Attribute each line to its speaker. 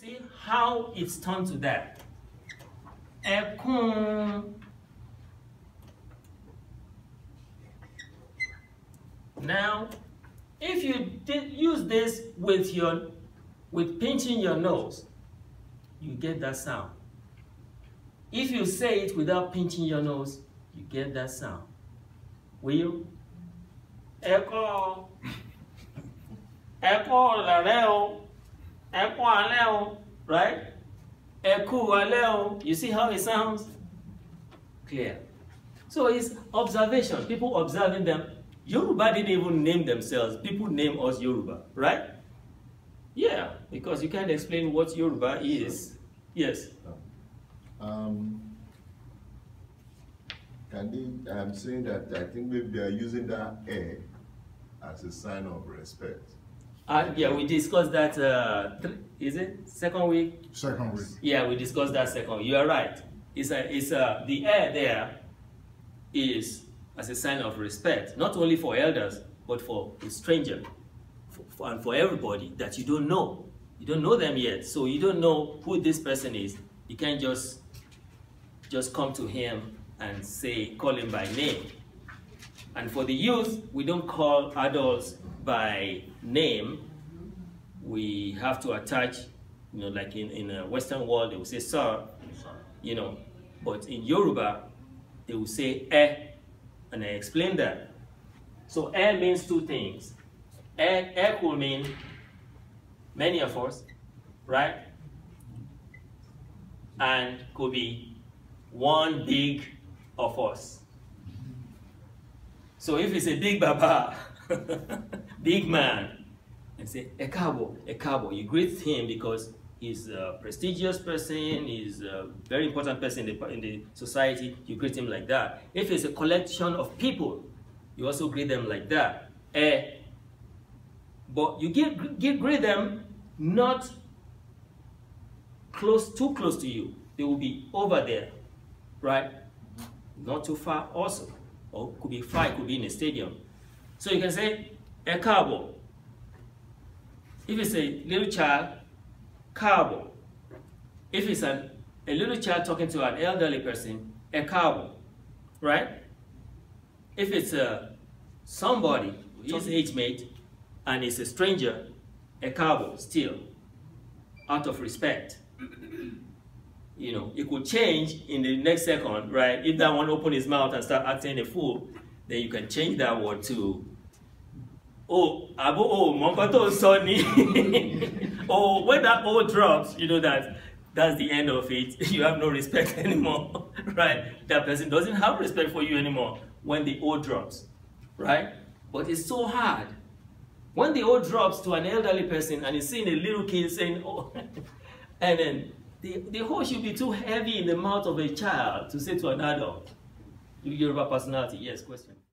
Speaker 1: See how it's turned to that. Ẹkún. Now, if you did use this with your with pinching your nose, you get that sound. If you say it without pinching your nose, you get that sound. Will you? Echo Ẹ̀kọ́ làrẹ́ right? you see how it sounds? Clear. So it's observation, people observing them. Yoruba didn't even name themselves, people name us Yoruba, right? Yeah, because you can't explain what Yoruba is. Yes. Um, um can they, I'm saying that I think maybe they are using that air as a sign of respect. Uh, yeah, we discussed that. Uh, is it second week? Second week. Yeah, we discussed that second. You are right. It's a, it's a, the air there is as a sign of respect, not only for elders but for a stranger, for, for, and for everybody that you don't know. You don't know them yet, so you don't know who this person is. You can't just just come to him and say call him by name. And for the youth, we don't call adults by name, we have to attach, you know, like in, in a Western world, they will say sir, you know, but in Yoruba, they will say eh, and I explain that. So eh means two things. Eh, eh could mean many of us, right? And could be one big of us. So if it's a big baba, Big man. And say, Ekabo, Ekabo. You greet him because he's a prestigious person, he's a very important person in the, in the society. You greet him like that. If it's a collection of people, you also greet them like that. Eh, but you give, give greet them not close, too close to you. They will be over there, right? Not too far also. Or could be far, could be in a stadium. So you can say, a carbo. If it's a little child, carbo. If it's an, a little child talking to an elderly person, a carbo, right? If it's a, somebody, his age mate, and it's a stranger, a carbo still, out of respect. you know, it could change in the next second, right? If that one open his mouth and start acting a fool, then you can change that word to oh abo oh mokoto sunny oh when that oh drops you know that that's the end of it you have no respect anymore right that person doesn't have respect for you anymore when the oh drops right but it's so hard when the oh drops to an elderly person and you're seeing a little kid saying oh and then the, the hoe should be too heavy in the mouth of a child to say to an adult. Yoruba personality, yes, question.